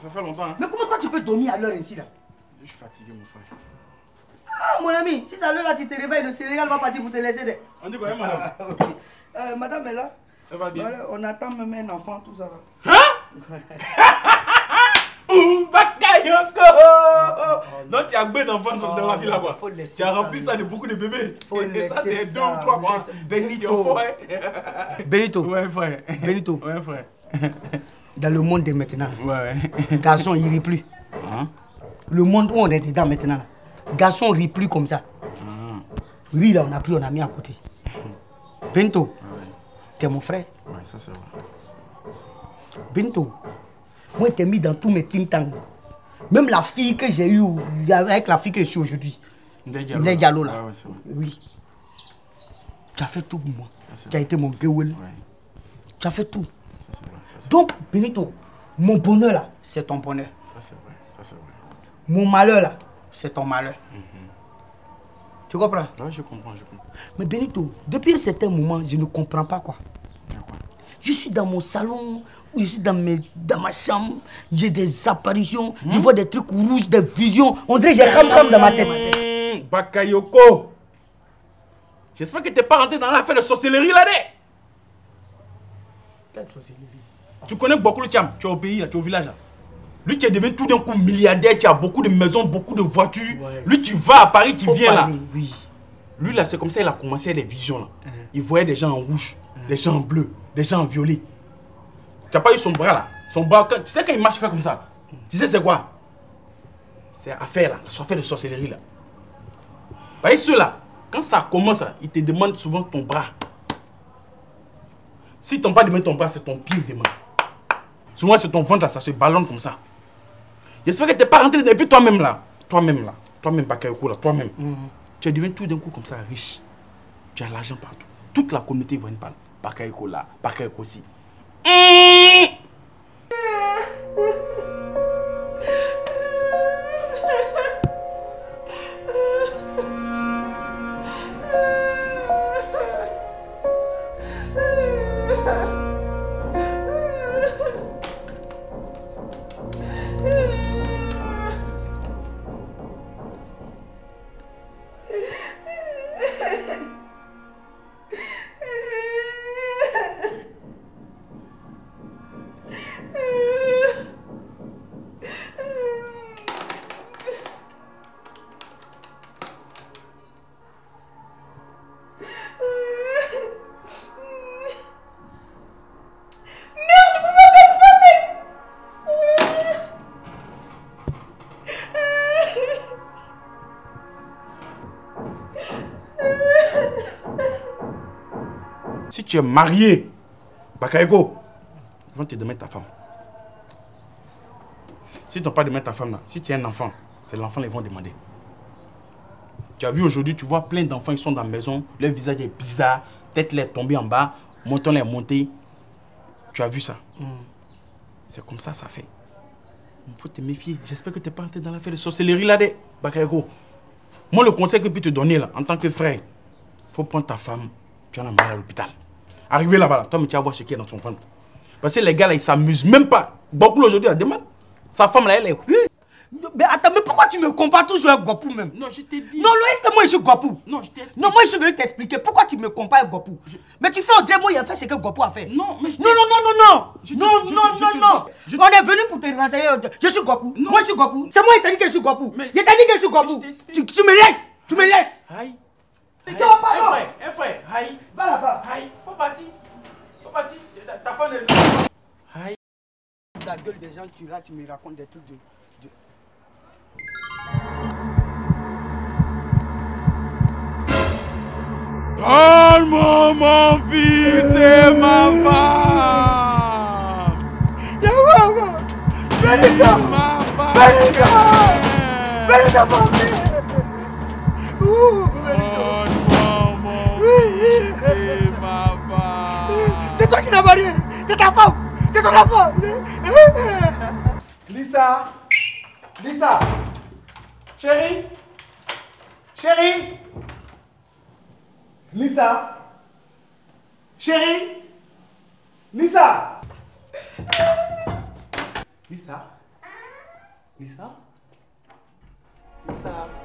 sa fait longtemps. Hein? Mais comment toi tu peux dormir à l'heure ainsi là Je suis Ah, mon ami, si ça l'heure là, tu te réveilles, le céréal va partir pour te laisser. De... On dit quoi, madame ah, okay. euh, Madame est là. Ça va bien. Voilà, on attend même un enfant, tout ça là. Hein Mbakayoko oh, ah, oh, non. non, tu as un d'enfants oh, dans la ville là-bas. Tu as rempli ça de beaucoup de bébés. Faut Et ça, c'est deux ou trois mois. Benito. Benito. Ouais, frère. Benito. Ouais, frère. dans le monde de maintenant. Ouais. Garçon, il rit plus. Le monde où on est dedans maintenant, garçon rit plus comme ça. Hein? Ah. Rit là, on a pris, on a mis à ah mon frère. Ouais, ça c'est vrai. Bento, moi t'es mis dans tous la fille que j'ai eue, avec la fille que je aujourd'hui. Ndé Diallo là. Ah ouais, Tu as fait tout pour moi. Ça, vrai, ça, Donc, Benito, mon bonheur là, c'est ton bonheur. Ça, Mon malheur là, c'est ton malheur. Mhm. Tu comprends Mais Benito, depuis un moment, je ne comprends pas quoi. Je suis dans mon salon, je suis dans, ma chambre, j'ai des apparitions, je hmm? vois des trucs des visions. On dirait que j'ai ram dans ma tête. Hmm, Bakayoko J'espère que t'es pas rentré dans l'affaire de sorcellerie là-dedans Ah. Tu connais beaucoup le Tcham Tu es au pays, là, tu es au village. Là. Lui, tu es devenu tout d'un coup milliardaire, tu as beaucoup de maisons, beaucoup de voitures. Ouais. Lui, tu vas à Paris, tu Faut viens parler, là. Oui. Lui, là, c'est comme ça, il a commencé les visions. là. Hein. Il voyait des gens en rouge, hein. des gens en bleu, des gens en violet. Tu n'as pas eu son bras là Son bras, tu sais quand il marche, il fait comme ça. Tu sais, c'est quoi C'est affaire là, la affaire de sorcellerie là. Vous voyez ceux là, quand ça commence, ils te demandent souvent ton bras. Si ton pas de main c'est ton pied de main. c'est ton ventre, ça se comme ça. J'espère que tu pas rentré depuis toi-même là. Toi-même là. Toi-même, Bakayoko là. toi mm-hmm. Tu deviens tout d'un coup comme ça riche. Tu as l'argent partout. Toute la communauté va parle. Bakayoko là. Bakayoko aussi. Mmh. tu es marié. Bakayeko, ils vont te demander ta femme. Si tu n'as pas demandé ta femme, là, si tu as un enfant, c'est l'enfant qu'ils vont demander. Tu as vu aujourd'hui, tu vois plein d'enfants, ils sont dans la maison, leur visage est bizarre, tête les tombée en bas, menton les monté. Tu as vu ça mm. C'est comme ça ça fait. Il faut te méfier. J'espère que tu n'es pas entré dans l'affaire de sorcellerie là, de Bakayeko. Moi, le conseil que je peux te donner là, en tant que frère, faut prendre ta femme, tu en as mal à l'hôpital. Arrivé là-bas, toi, tu vas voir ce qui est dans que les gars, là, ils s'amusent même aujourd'hui, elle demande. Sa femme, là, elle est. Oui. Mais pourquoi tu me toujours à Gopou me compares à Gopou je... Mais tu fais André, a fait ce que Gopou a On est venu pour te renseigner. Je suis Gopou. Moi je suis Gopou. C'est moi qui t'ai dit que je suis Gopou. Mais... Il t'a dit que je suis Gopou. Tu, tu me Tu me laisses Piquez-moi ballon Un frère, un frère, Va là-bas Aïe, faut partir Faut partir T'as pas le nom Aïe Ta gueule des gens, tu là, tu me racontes des trucs de... de... Donne-moi mon fils et ma femme Yawawa Benita Benita Benita mon fils Ouh di ko topp Lisa Lisa chérie chérie Lisa chérie Lisa Lisa Lisa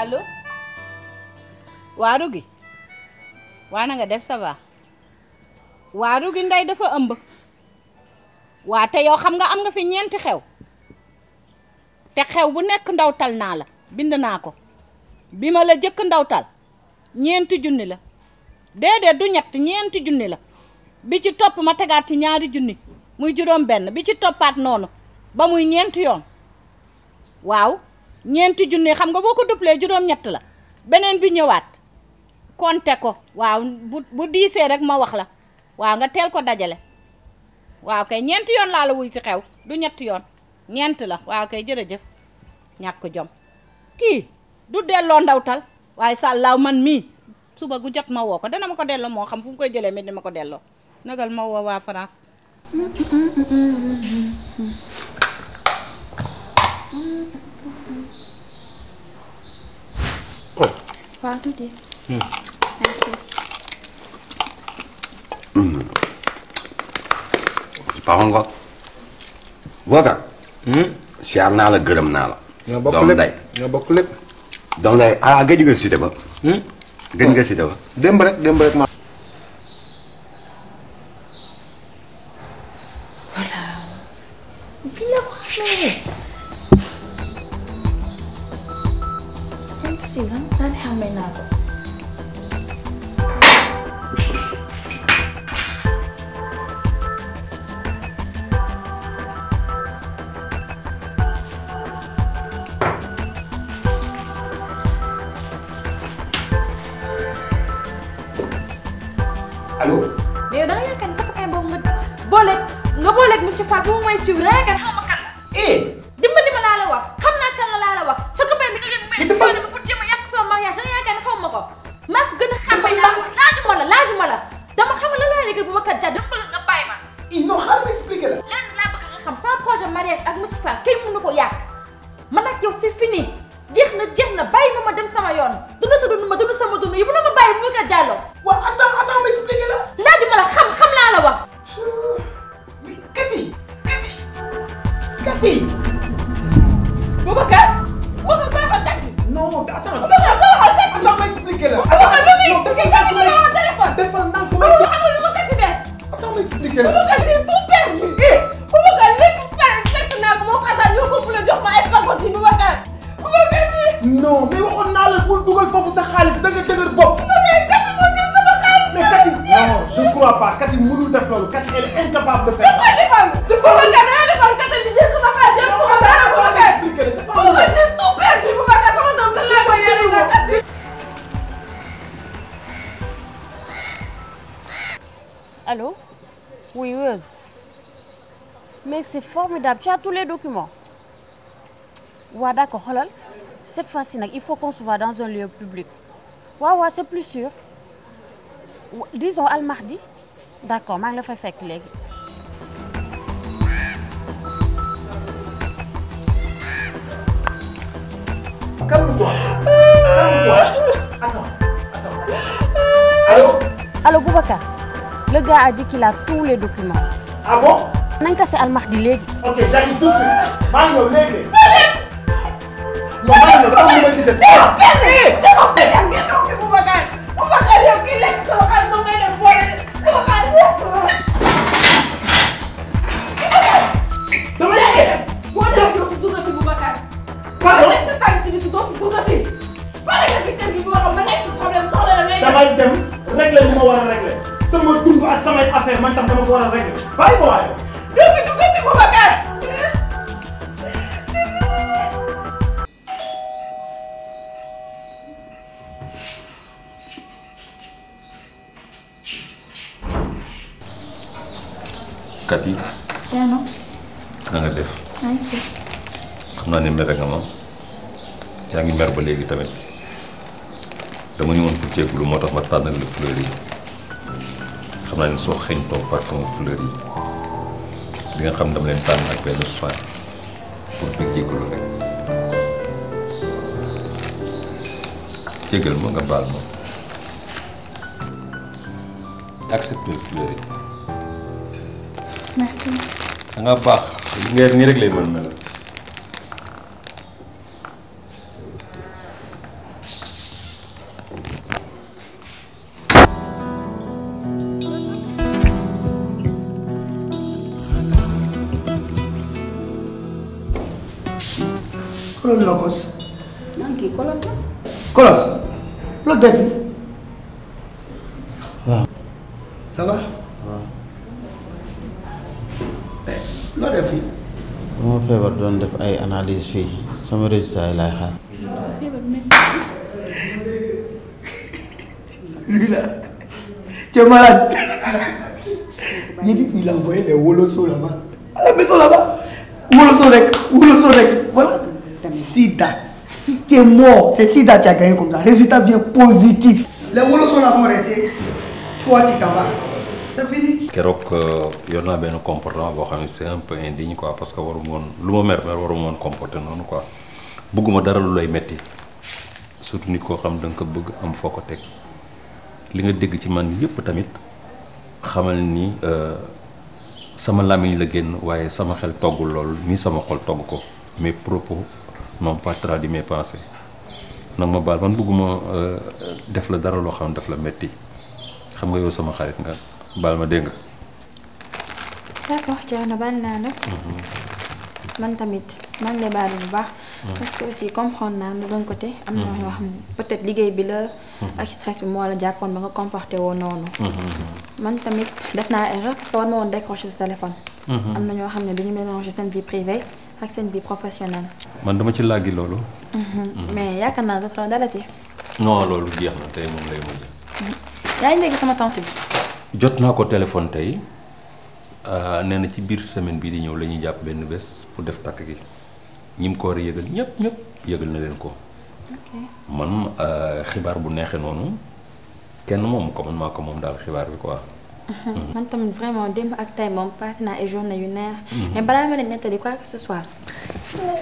allo waa Rugi waa na nga def ça va waa Rugi ndey dafa ëmb waa te yow xam nga am nga fi ñeenti xew te xew bu nekk ndawtal naa la bind naa ko bi ma la jëkk ndawtal ñeenti junni la déedéet du ñett ñeenti junni la bi ci topp ma tegaat ci ñaari junni muy juróom benn bi ci toppaat noonu ba muy ñeenti yoon waaw ñeenti junne xam nga boo ko duplee juróom-ñett la beneen bi ñëwaat compter ko waaw bu bu diisee rek ma wax la waaw nga teel ko dajale waaw kay ñeenti yoon laa la wuy si xew du ñetti yoon ñeent la waaw kay jërëjëf ñàkk jom kii du delloo ndawtal waaye sàllaaw man mii suba gu jot ma woo ko dana ma ko delloo moo xam fu mu koy jëlee mi dina ma ko delloo nagal mawoo waa France waaw tuuti. Mm. merci. Paxoon Ngok. Bokar. siyaar naa la gërëm naa la. ñoo bokk lépp ñoo bokk lépp. doom ah, mm. ma. lucu banget formidable tu as tous les documents waa d'accord xoolal cette fois-ci nag il faut qu'on se voit dans un lieu public waaw waaw c'est plus sûr disons al mahdi d'accord maa la fay fekk léegi. calme-toi calme le gars a dit tous les documents. Ah nañ tase almaxdi léegi. ok j'arrive tout de suite maa ngi ñëw léegi. damay dem régler li ma war a régler sama dund ak samay affaire man tam dama ko war a régler bàyyi ma waay waxtaan ak le fleur xam naa ne soo xeeñtoo parfum fleur yi di nga xam dama leen tànn ak benn soin pour nga jégalu rek jégal ma nga nga baax. li nii rek lay mën mel. la Koss. Kolos la. Kolos la def waaw. ça waaw. mais def fii. bu ma feebar doon def ay analyse fii sama résultat yi laay xaar. lui là, tu es malade. Il dit, il a envoyé les wolosos là-bas. sida. T'es mort, c'est sida tu as gagné comme ça. Résultat bien positif. Les Wolofs sont là pour rester. Toi, tu t'en vas. C'est fini. Keroog euh, benn comportement boo xam ne c'est un ko parce que waru woon lu ma mer mer waru noonu quoi bëgguma dara lu lay metti surtout nit koo xam da ko bëgg am foo ko teg li nga dégg ci man yépp tamit xamal ni euh, sama làmmiñ la génn waaye sama xel toggul lool ni sama xol togg ko mais propos moom pas traduit mes pensées nag ma baal man bëgguma euh, def la dara loo xam ne daf la metti xam nga yow sama xarit nga baal ma dégg nga. d'accord Thierno baal naa la. Mhm. man tamit man lay baal bu baax. Mhm. parce que aussi comprendre naa ne d'un côté. am na yoo mhm. xam ne peut liggéey bi la. ak stress bi moo la jàppoon ba nga comporté woo noonu. man tamit def naa erreur parce war ma woon décrocher sa téléphone. am na ñoo xam ne du ñu mélanger seen vie privée. ak seen bi professionnel. man dama ci làggi loolu. Mhm. Mhm. mais yaakaar naa dafa dalati. non loolu jeex na tey moom lay mujj. Mhm. yaa ngi dégg sama tante bi. jot naa ko téléphone tey euh, nee na ci biir semaine bii di ñëw lañuy jàpp benn bés pour def takk gi ñi ko war a yëgal ñëpp ñëpp yëgal na leen ko. man euh, xibaar bu neexee noonu kenn moom ko man maa ko moom daal xibaar bi quoi. Mhm. man tamit vraiment dem ak tey moom passé naa ay journée yu neex. Mhm. mais balaa ma leen nettali quoi que ce soit.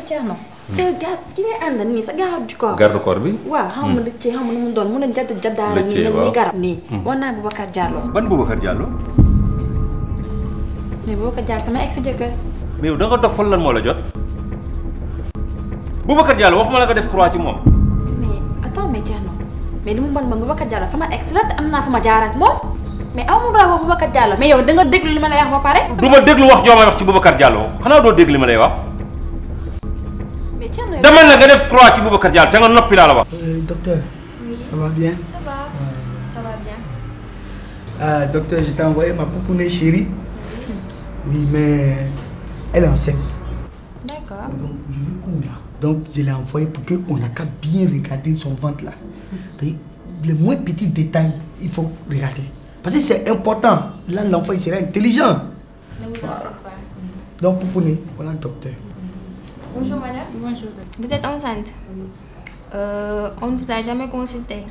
Thierno. Mhm. sa gars ki ngay àndal nii sa garde du garde corps bi. waa xam nga lëccee xam nga nu mu doon mu ne jadd jaddaara. lëccee waaw nii garab nii. war naa jaar Diallo. ban Boubacar Diallo. mais Boubacar Diallo sama ex jëkkër. mais yow da nga dof fan lan moo la jot. Boubacar Diallo waxuma la nga def croix ci moom. mais attends mais Thierno mais li mu bon man Boubacar Diallo sama ex la te am naa fa jaar ak mais aw ma droit wax Boubacar Diallo mais yow da nga déglu li ma lay wax ba pare. du déglu wax joo wax ci Boubacar Diallo xanaa doo déglu li ma lay wax. mais ci la demal na nga def croix ci Boubacar Diallo te nga noppi laa la wax. Euh, docteur. oui ça bien. ça va ça euh, ma poupoune chérie. oui mais elle est donc je veux la. donc je envoyé pour que on a qu'à bien regarder son ventre là. Mm. te moins petit détail il faut regarder. Parce que c'est important. Là, l'enfant, il sera intelligent. Voilà. Donc, pour nous, voilà le docteur. Bonjour, madame. Bonjour. Vous êtes enceinte euh, On ne vous a jamais consulté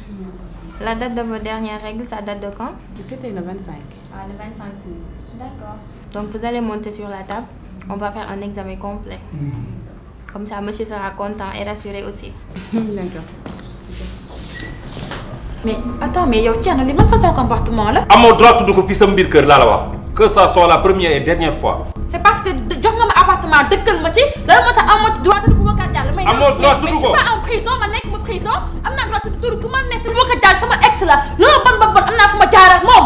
La date de vos dernières règles, ça date de quand C'était le 25. Ah, le 25. la table. On va faire un examen complet. Mmh. Comme ça, monsieur sera content et rassuré aussi. mais attends mais yow Thierno li ban façon comportement la. amoo droit tudd ko fii sa mbir kër laa la wax que ça soit la première et dernière fois. c'est parce que jox nga ma appartement dëkkal ma ci loolu moo tax amoo droit tudd Boubacar Diallo. amoo droit tudd ko mais je suis pas en prison ma nekk ma prison am naa droit tudd tur ku ma nekk Boubacar Diallo sama ex la loolu ban ban ban am naa fu ma jaar ak moom.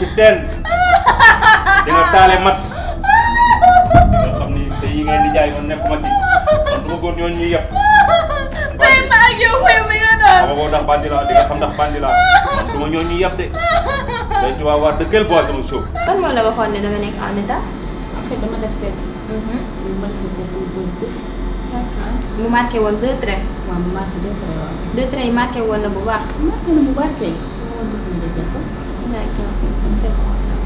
ci teen di taale mat nga xam ni te yi ngeen di jaay man nekkuma ci man du ma góor ñooñu ñuy yëpp. bàyyi ma ak yow mooy mi nga doon. ndax bandi laa di xam ndax bandi laa man ñooñu ñuy de. day tubaab waa dëggal boo sama suuf. kan moo la waxoon ne danga nekk en état. en fait dama def test. lii mhm. ma mu marqué woon deux traits. waaw mu marqué deux traits waaw. deux traits yi marqué woon na bu baax. marqué na bu baax kay. waaw gis nga dëgg sax. bëccëg.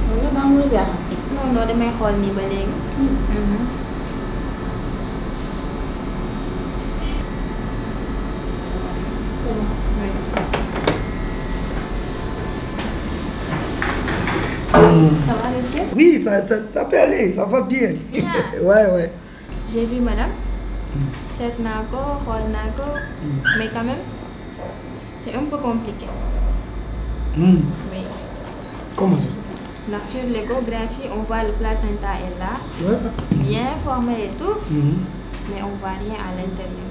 loolu daa non non damay xool nii ba léegi. Hmm. Mhm. Ça va, monsieur? Oui, ça, ça, ça peut aller, ça va bien. Bien. ouais, ouais. J'ai vu madame. Hmm. seet naa ko xool naa ko. Hmm. mais quand même c'est un peu Comment ça Donc, sur l'échographie, on voit le placenta est là, ouais. bien formé et tout, mm-hmm. on voit rien à l'intérieur.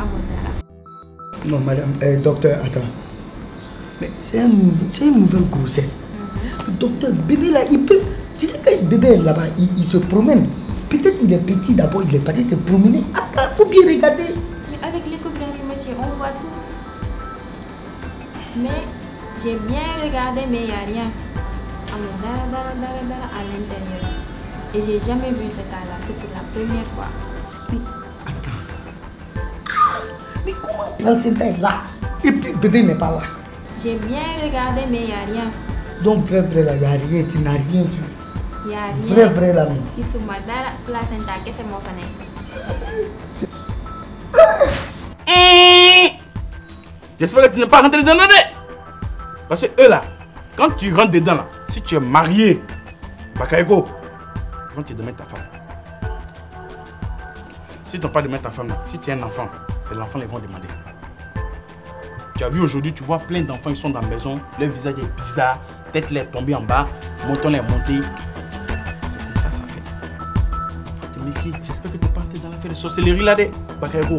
Ah, non, madame, euh, docteur, attends. Mais c'est un, une nouvelle grossesse. Mm -hmm. Le docteur, bébé là, il peut. Tu sais que bébé là-bas, il, il, se promène. Peut-être il petit d'abord, il est parti se promener. Attends, ah, ah, faut bien regarder. Mais avec l'échographie, monsieur, on voit tout. Mais J'ai bien regardé, mais il rien. à l'intérieur. Et j'ai jamais vu ce cas-là. C'est pour la première fois. Mais mais comment placenta est là Et puis pas là. J'ai bien regardé, mais il rien. Donc, vrai, vrai, là, il rien. Tu n'as rien vu. Il rien. Vrai, vrai, là. Kisuma, dara, placenta, qu'est-ce que c'est mon J'espère que tu n'es pas rentré dans la tête. Parce que eux là, quand tu rentres dedans là, si tu es marié, Bakayoko, ils vont te demander ta femme. Si tu n'as pas demandé ta femme là, si tu es un enfant, c'est l'enfant qu'ils vont demander. Tu as vu aujourd'hui, tu vois plein d'enfants, ils sont dans la maison, leur visage est bizarre, tête est tombée en bas, menton est monté. C'est comme ça ça fait. Faut te méfier, j'espère que tu es parti dans l'affaire de sorcellerie là-dedans, Bakayoko.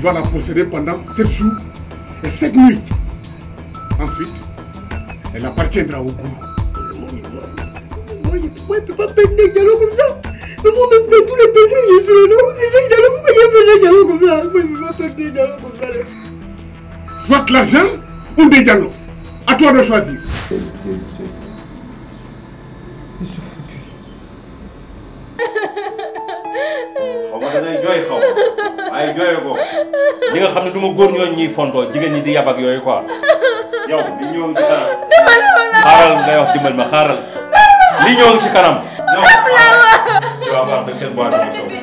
Tu dois la posséder pendant sept jours et sept nuits. Ensuite, elle appartiendra au gourou. Moi, je ne peux pas peindre des dialogues comme ça. Mais moi, même tous les pétrés, je suis là. Des dialogues, pourquoi comme ça Moi, je ne peux pas comme ça. Soit l'argent ou des dialogues. À toi de choisir. Je suis foutu. xaw ma da ngay li nga xam ne du ma góor ñooñu ñuy fontoo jigéen ñi di yab yooyu ko yow li ñëw ci kanam. dimbali ma xaaral ngay wax dimbali ma xaaral. li ñëw ci kanam. yow waaw waaw waaw waaw waaw waaw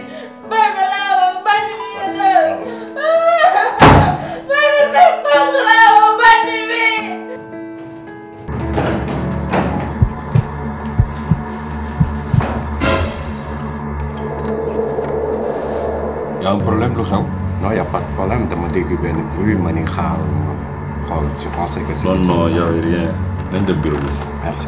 benn bruit ma ni xaar ma xool je pensais que. non non y' a rien nañ dem bureau bi. merci.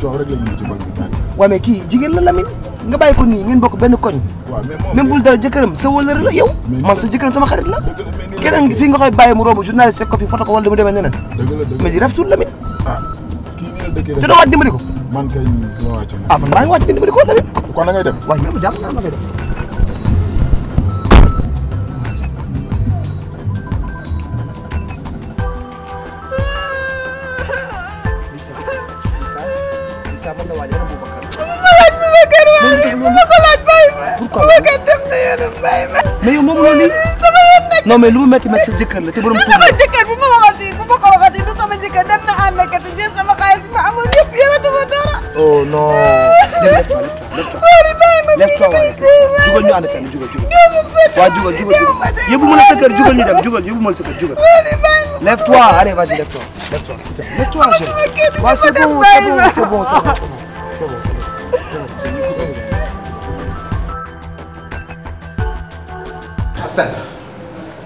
coow rek la kii jigéen la Lamine nga bàyyi ko nii ngeen bokk benn koñ même bul dara jëkkëram sa wëllëre la yow man sa jëkkëram sama xarit la keneen fii nga koy bàyyi mu roobu journaliste fekk fi foto ko wala li mu demee neneen mais di rafetul Lamine ah, te doo waaj dimbali ko man kay ah man maa ngi waaj dimbali ko Lamine kon da ngay dem waaw ñoom jàpp naa ma koy dem mais yow moom loolu nii. sama yoon nekk non mais lu mu métti métti sa jëkkër la te borom. sama jëkkër bu ma waxati bu ma ko waxati du sama jëkkër dem na ànd ak te jël sama xaalis ma amoon yëpp yëratuma dara. oh non. lépp toog lépp toog lépp toog jugal ñu ànd fenn jugal jugal. waaw jugal jugal jugal yóbbu ma la sa kër jugal ñu dem jugal yóbbu ma la sa kër jugal. lève-toi allez vas-y lève-toi lève-toi lève-toi jeune. waaw c'est bon c'est bon c'est bon c'est bon. Sène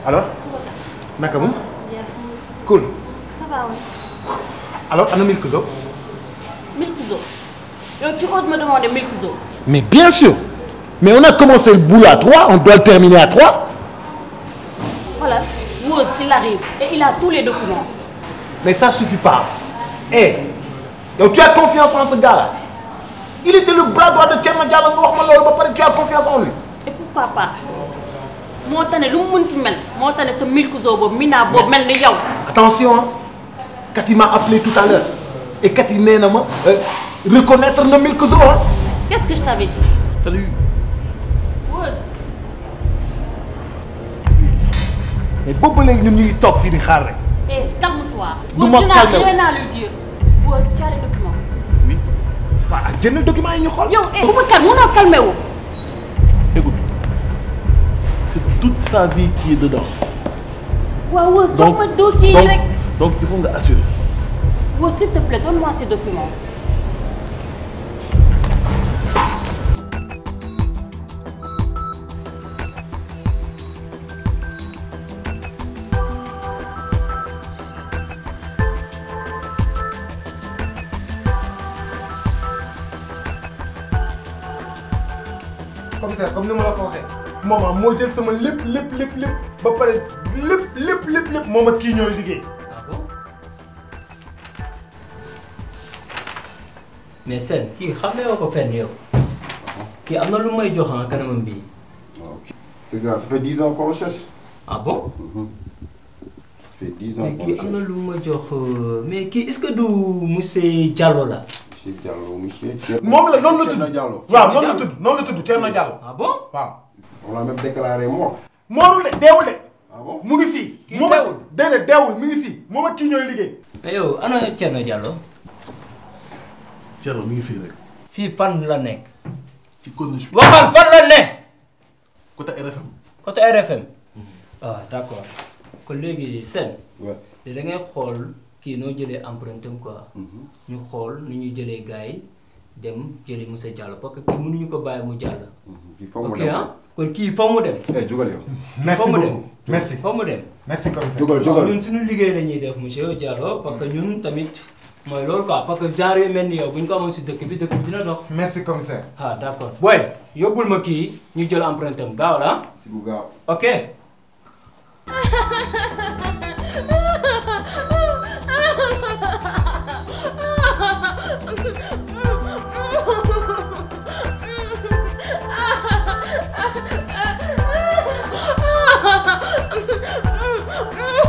alors naka mu. cool. ça Milk Zo. Milk Zo yow tu oses me demander Milk Zo. mais bien sûr mais on a commencé le boulot à 3 on doit le terminer à 3. voilà Wos il arrive et il a tous les documents. mais ça suffit pas. eh hey, yow tu as confiance en ce il était le bras droit de Thierno Diallo nga wax ma loolu ba pare tu as confiance en lui. et pourquoi moo tane lu mu mënti mel moo tane sa milkzo boobu mina boobu mel ni yow. attention Cathy m'a appelé tout à l'heure et Cathy nee na ma euh, reconnaître na milkzo ah. qu'est-ce que je t'avais dit. salut. Rose. mais boobu ba léegi ñun ñu ngi toog fii xaar rek. eh calme-toi. du ma calme xool. toute sa vie qui est dedans. waaw Weuss. donc donc donc il faut nga assurer. Weuss s'il te plaît donne-moi ces documents. moment moo jël sama lépp lépp lépp lépp ba pare lépp lépp lépp lépp moom ak kii ñoo liggéey. Ah mais seen kii xam nga ko fenn yow ah. kii am na lu may jox ah kanamam bii. waaw ah, c'est ça bon. ça fait mm-hmm. kii am na lu may jox euh, mais kii est-ce que du monsieur Diallo la. monsieur Diallo monsieur. moom la noonu la tudd Thierno Diallo waaw bon on l'a même déclaré mort. moorul de deewul de. Ah mu ngi fii. kii deewul déedéet deewul mu ngi fii moom ak kii ñooy liggéey. Eh yow ana Thierno Diallo. Thierno ngi fii rek. fan la nekk. ci corniche bi waxal fan la nekk. côté RFM. côté RFM. ah d'accord kon léegi seen. waaw da xool kii noo jëlee empreinte ko mhm. ñu xool ni ñuy jëlee gars yi dem jëli monsieur Diallo parce que kii mënuñu ko bàyyi mu jàll. Mhm. kon kii foo mu dem. eh jugal yow. merci beaucoup merci foo dem. merci commissaire jugal jugal ñun suñu liggéey la ñuy def monsieur Diallo parce que ñun tamit mooy loolu quoi parce que genre yu mel ni yow bu ñu ko si dëkk bi dëkk bi dina dox. merci commissaire. ah d' accord booy yóbbul ma kii ñu jël empreinte am gaaw la si bu gaaw ok.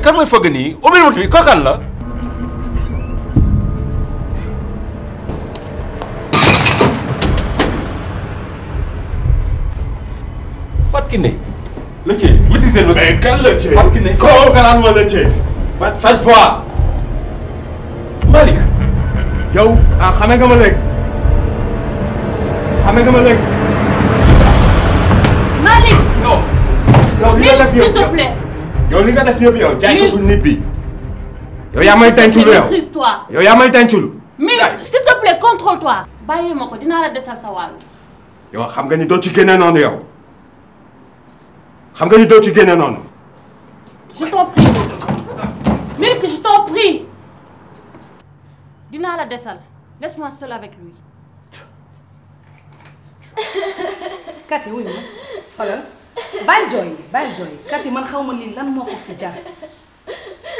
mais kan mooy fëgg nii ubbil bunt bi kookan la. Fatou Kiné. Lëccee Lëccee seen. mais kan Lëccee Fatou Kiné. kooku kanaan ma Lëccee. Fat Fat Foix. Malick. yow ah xame nga ma léegi xame nga ma léegi. Malick. non. yow li nga def yow s'il te plaît. yow li nga def yëpp yow jaay ko nit bi. yow yaa may denculu yow yow yaa may denculu. mais s'il te plaît contrôle toi. bàyyi ma ko dinaa la desal sa yow xam nga ni doo ci génne noonu yow xam nga ni doo ci génne noonu. je t'en Milk je t'en dinaa la desal laisse-moi seul avec lui. Kati wuyu ma bàyyi jooy bàyyi jooy kat yi man xaw ma lii lan moo ko fi jar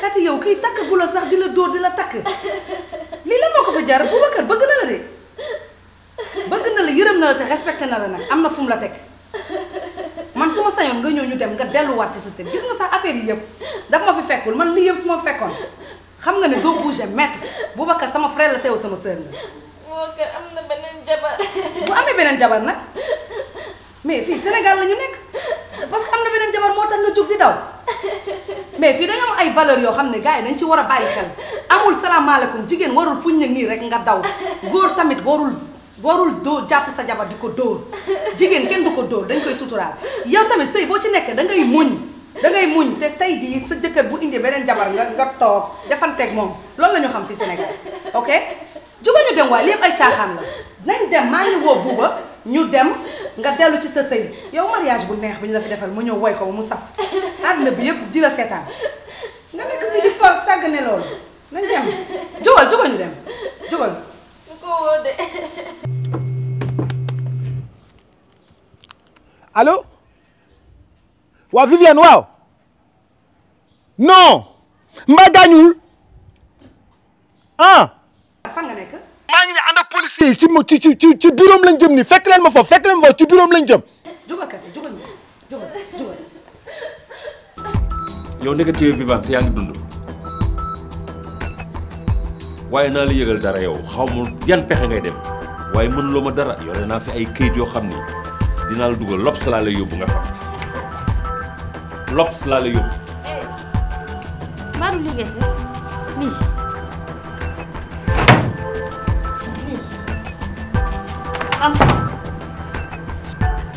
kat yow kii takk bu la sax di la dóor di la takk lii lan moo ko fi jar Boubacar bëgg na la de bëgg na la yërëm na la te respecté na la nag am na fu la teg man su ma sañoon nga ñëw ñu dem nga delluwaat ci sa sëb gis nga sax affaire yi yëpp daf ma fi fekkul man lii yëpp su fekkoon xam nga ne doo bouger maître Boubacar sama frère la teew sama sœur la. Boubacar am na beneen jabar. bu amee beneen jabar nag mais fii Sénégal la ñu nekk. parce que am na beneen jabar moo tax na jug di daw mais fii dañoo am ay valeur yoo xam ne gars yi dañ ci war a bàyyi xel amul salaamaaleykum jigéen warul fuñ ne nii rek nga daw góor tamit warul warul dóor jàpp sa jabar di ko dóor jigéen kenn du ko dóor dañ koy suturaal yow tamit sëy boo ci nekkee da ngay muñ da ngay muñ te tey jii sa jëkkër bu indi beneen jabar nga nga toog defanteeg moom loolu la ñu xam fi Sénégal ok jóge ñu dem waaye lépp ay caaxaan la nañ dem ma ngi woo ñu dem nga dellu ci sa sëy yow mariage bu neex bi ñu la fi defal mu ñëw woy ko mu saf àdduna bi yëpp di la seetaan nga nekk fi di foog sàgg ne loolu nañ dem jógal jógal ñu ko woo de allo waaw Viviane waaw non mbaa ah fan nga nekk policiers yi ci ci ci lañ jëm ni fekk leen ma foofu fekk leen ma foofu ci bureau lañ jëm. jógal kat jógal jógal jógal. yow nekk tu yaa ngi dund waaye naa la yëgal dara yow xaw ma yan pexe ngay dem waaye mën ma dara yore naa fi ay kayit yoo xam ni dinaa la dugal lops laa lay yóbbu nga xam lops laa lay yóbbu. Eh, Ah.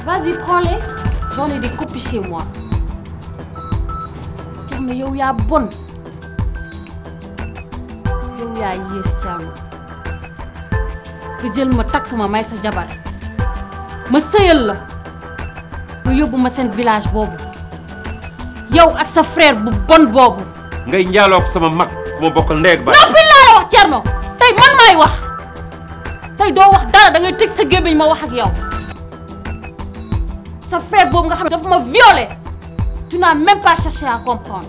Vas-y, prends-les. J'en yow yaa bon yow yaa yées Thierno nga jël ma takk ma may sa jabar ma sëyal la nga yóbbu ma seen village boobu yow ak sa frère bu bon boobu. ngay njaaloog sama mag ku ma bokk ndey ak baay. noppi laa la wax Thierno tey man maay wax. tey doo wax dara da ngay sa gémmiñ ma wax ak yow sa frère boobu nga xam ne ma violé tu n'as même pas cherché à comprendre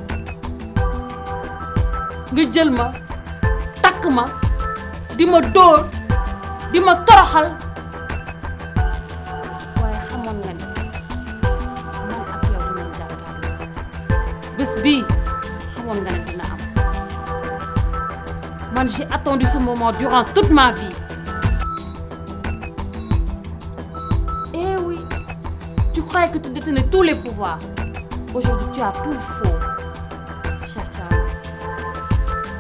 nga jël ma takk ma di ma dóor di ma toroxal waaye xamoon nga ni man xamoon nga ne dina am man j'ai attendu ce moment durant toute ma vie croyais que tu détenais tous les pouvoirs. Aujourd'hui, tu as tout faux.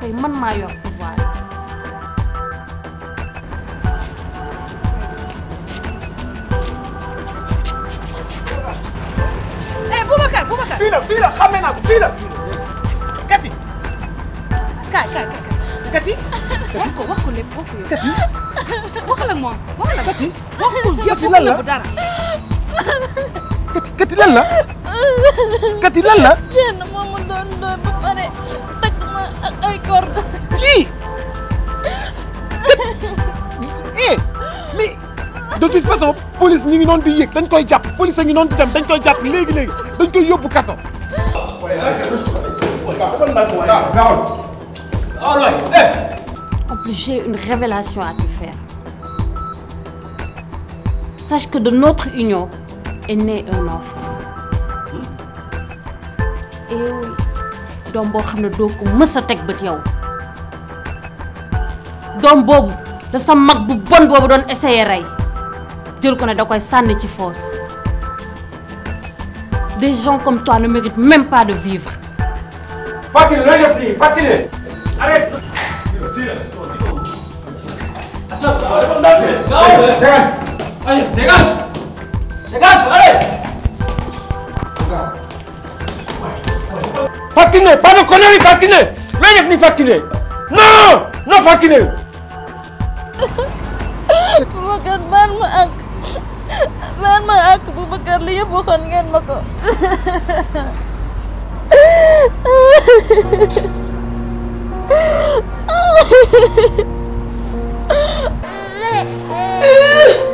tey man maa pouvoir yi. eh Boubacar Boubacar. fii la fii la xàmme naa ko fii la. Kati. kaay kaay kaay. Kati. wax ko wax ko lépp wax ko yow. Kati. waxal ak moom waxal ak moom. Kati. waxul yëpp dara. kati kati lan la kati lan kenn moom mu doon doon pare takk ma ak ay corde. kii eh, mais de toute façon police ñu ngi noonu di yëg dañ koy jàpp police a ngi di dem dañ koy jàpp léegi léegi dañ koy yóbbu kaso. une révélation à te faire. Sache que de notre union, est né un doom boo xam ne doo ko mës teg bët yow doom boobu da sa mag bu bon boobu doon essayé rey jël ko ne da koy sànni ci fosse des gens comme toi ne méritent même pas de vivre. Fatou looy def nii Fatou Ndiaye. Fakine, pas de conneries, Fakine Looy def ni Fakine non non Fakine. Boubacar baal ma àq baal ma àq Boubacar li yëpp waxoon ngeen ma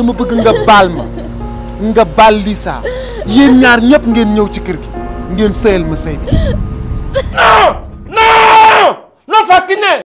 dama bëgg nga baal ma nga baal Lisa yéen ñaar ñëpp ngeen ñëw ci kër gi ngeen sëyal ma sëy bi non non non Fatou Kiné